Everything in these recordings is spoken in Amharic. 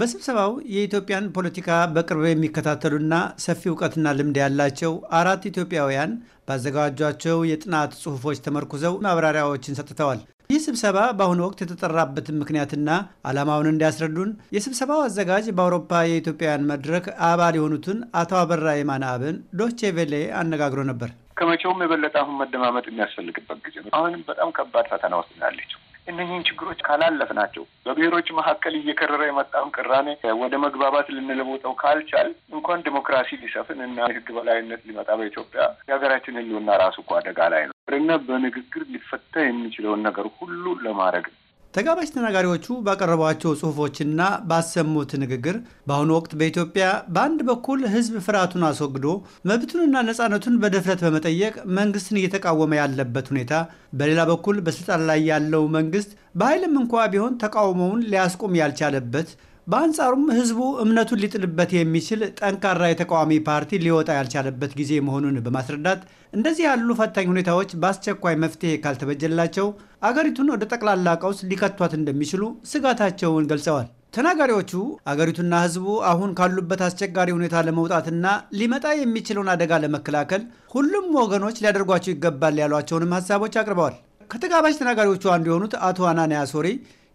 በስብሰባው የኢትዮጵያን ፖለቲካ በቅርብ የሚከታተሉና ሰፊ እውቀትና ልምድ ያላቸው አራት ኢትዮጵያውያን ባዘጋጇቸው የጥናት ጽሑፎች ተመርኩዘው ማብራሪያዎችን ሰጥተዋል። ይህ ስብሰባ በአሁኑ ወቅት የተጠራበትን ምክንያትና ዓላማውን እንዲያስረዱን የስብሰባው አዘጋጅ በአውሮፓ የኢትዮጵያውያን መድረክ አባል የሆኑትን አቶ አበራ የማነ አብን ዶቼ ቬሌ አነጋግሮ ነበር። ከመቼውም የበለጠ አሁን መደማመጥ የሚያስፈልግበት ጊዜ አሁንም በጣም ከባድ ፈተና ውስጥ ያለችው እነኝህን ችግሮች ካላለፍ ናቸው በብሔሮች መካከል እየከረረ የመጣውን ቅራኔ ወደ መግባባት ልንለውጠው ካልቻል እንኳን ዲሞክራሲ ሊሰፍን እና የህግ በላይነት ሊመጣ በኢትዮጵያ የሀገራችን ህልውና ራሱ እኮ አደጋ ላይ ነው እና በንግግር ሊፈታ የሚችለውን ነገር ሁሉ ለማድረግ ነው። ተጋባዥ ተናጋሪዎቹ ባቀረቧቸው ጽሁፎችና ባሰሙት ንግግር በአሁኑ ወቅት በኢትዮጵያ በአንድ በኩል ሕዝብ ፍርሃቱን አስወግዶ መብቱንና ነፃነቱን በድፍረት በመጠየቅ መንግስትን እየተቃወመ ያለበት ሁኔታ፣ በሌላ በኩል በስልጣን ላይ ያለው መንግስት በኃይልም እንኳ ቢሆን ተቃውሞውን ሊያስቆም ያልቻለበት በአንጻሩም ህዝቡ እምነቱን ሊጥልበት የሚችል ጠንካራ የተቃዋሚ ፓርቲ ሊወጣ ያልቻለበት ጊዜ መሆኑን በማስረዳት እንደዚህ ያሉ ፈታኝ ሁኔታዎች በአስቸኳይ መፍትሄ ካልተበጀላቸው አገሪቱን ወደ ጠቅላላ ቀውስ ሊከቷት እንደሚችሉ ስጋታቸውን ገልጸዋል። ተናጋሪዎቹ አገሪቱና ህዝቡ አሁን ካሉበት አስቸጋሪ ሁኔታ ለመውጣትና ሊመጣ የሚችለውን አደጋ ለመከላከል ሁሉም ወገኖች ሊያደርጓቸው ይገባል ያሏቸውንም ሀሳቦች አቅርበዋል። ከተጋባዥ ተናጋሪዎቹ አንዱ የሆኑት አቶ አናንያ ሶሪ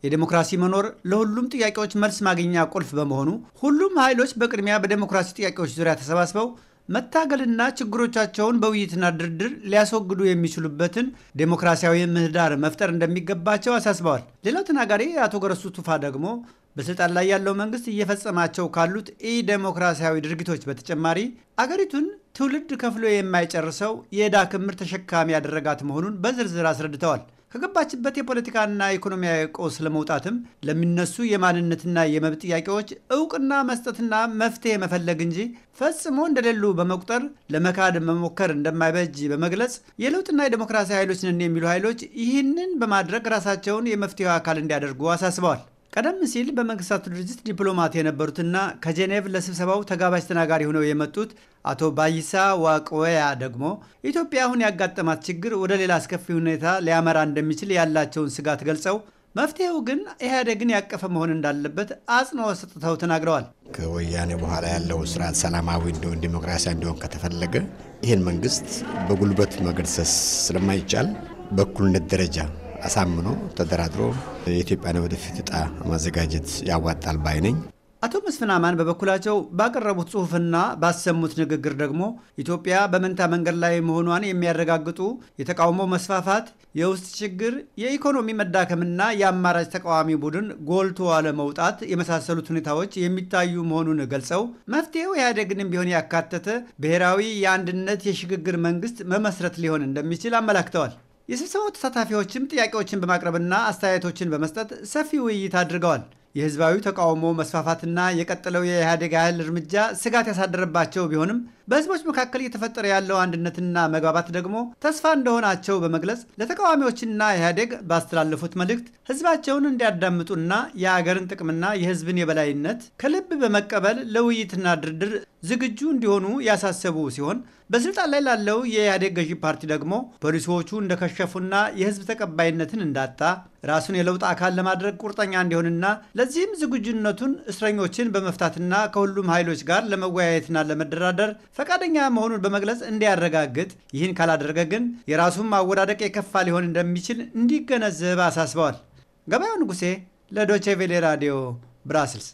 የዴሞክራሲ መኖር ለሁሉም ጥያቄዎች መልስ ማግኛ ቁልፍ በመሆኑ ሁሉም ኃይሎች በቅድሚያ በዴሞክራሲ ጥያቄዎች ዙሪያ ተሰባስበው መታገልና ችግሮቻቸውን በውይይትና ድርድር ሊያስወግዱ የሚችሉበትን ዴሞክራሲያዊ ምህዳር መፍጠር እንደሚገባቸው አሳስበዋል። ሌላው ተናጋሪ አቶ ገረሱ ቱፋ ደግሞ በስልጣን ላይ ያለው መንግስት እየፈጸማቸው ካሉት ኢ ዴሞክራሲያዊ ድርጊቶች በተጨማሪ አገሪቱን ትውልድ ከፍሎ የማይጨርሰው የዕዳ ክምር ተሸካሚ ያደረጋት መሆኑን በዝርዝር አስረድተዋል። ከገባችበት የፖለቲካና ኢኮኖሚያዊ ቀውስ ለመውጣትም ለሚነሱ የማንነትና የመብት ጥያቄዎች እውቅና መስጠትና መፍትሄ መፈለግ እንጂ ፈጽሞ እንደሌሉ በመቁጠር ለመካድ መሞከር እንደማይበጅ በመግለጽ የለውጥና የዴሞክራሲ ኃይሎች ነን የሚሉ ኃይሎች ይህንን በማድረግ ራሳቸውን የመፍትሄው አካል እንዲያደርጉ አሳስበዋል። ቀደም ሲል በመንግስታቱ ድርጅት ዲፕሎማት የነበሩትና ከጄኔቭ ለስብሰባው ተጋባዥ ተናጋሪ ሆነው የመጡት አቶ ባይሳ ዋቅወያ ደግሞ ኢትዮጵያ አሁን ያጋጠማት ችግር ወደ ሌላ አስከፊ ሁኔታ ሊያመራ እንደሚችል ያላቸውን ስጋት ገልጸው መፍትሄው ግን ኢህአዴግን ያቀፈ መሆን እንዳለበት አጽንኦት ሰጥተው ተናግረዋል። ከወያኔ በኋላ ያለው ስርዓት ሰላማዊ እንዲሆን ዲሞክራሲያዊ እንዲሆን ከተፈለገ ይህን መንግስት በጉልበት መገርሰስ ስለማይቻል በእኩልነት ደረጃ አሳምኖ ተደራድሮ የኢትዮጵያን ወደፊት እጣ ማዘጋጀት ያዋጣል ባይ ነኝ። አቶ መስፍን አማን በበኩላቸው ባቀረቡት ጽሑፍና ባሰሙት ንግግር ደግሞ ኢትዮጵያ በመንታ መንገድ ላይ መሆኗን የሚያረጋግጡ የተቃውሞ መስፋፋት፣ የውስጥ ችግር፣ የኢኮኖሚ መዳከምና የአማራጭ ተቃዋሚ ቡድን ጎልቶ አለመውጣት የመሳሰሉት ሁኔታዎች የሚታዩ መሆኑን ገልጸው መፍትሄው ኢህአዴግንም ቢሆን ያካተተ ብሔራዊ የአንድነት የሽግግር መንግስት መመስረት ሊሆን እንደሚችል አመላክተዋል። የስብሰባው ተሳታፊዎችም ጥያቄዎችን በማቅረብና አስተያየቶችን በመስጠት ሰፊ ውይይት አድርገዋል። የህዝባዊ ተቃውሞ መስፋፋትና የቀጠለው የኢህአዴግ ኃይል እርምጃ ስጋት ያሳደረባቸው ቢሆንም በህዝቦች መካከል እየተፈጠረ ያለው አንድነትና መግባባት ደግሞ ተስፋ እንደሆናቸው በመግለጽ ለተቃዋሚዎችና ኢህአዴግ ባስተላለፉት መልእክት ህዝባቸውን እንዲያዳምጡና የአገርን ጥቅምና የህዝብን የበላይነት ከልብ በመቀበል ለውይይትና ድርድር ዝግጁ እንዲሆኑ ያሳሰቡ ሲሆን በስልጣን ላይ ላለው የኢህአዴግ ገዢ ፓርቲ ደግሞ ፖሊሲዎቹ እንደከሸፉና የህዝብ ተቀባይነትን እንዳጣ ራሱን የለውጥ አካል ለማድረግ ቁርጠኛ እንዲሆንና ለዚህም ዝግጁነቱን እስረኞችን በመፍታትና ከሁሉም ኃይሎች ጋር ለመወያየትና ለመደራደር ፈቃደኛ መሆኑን በመግለጽ እንዲያረጋግጥ፣ ይህን ካላደረገ ግን የራሱን ማወዳደቅ የከፋ ሊሆን እንደሚችል እንዲገነዘብ አሳስበዋል። ገበያው ንጉሴ ለዶቼቬሌ ራዲዮ ብራስልስ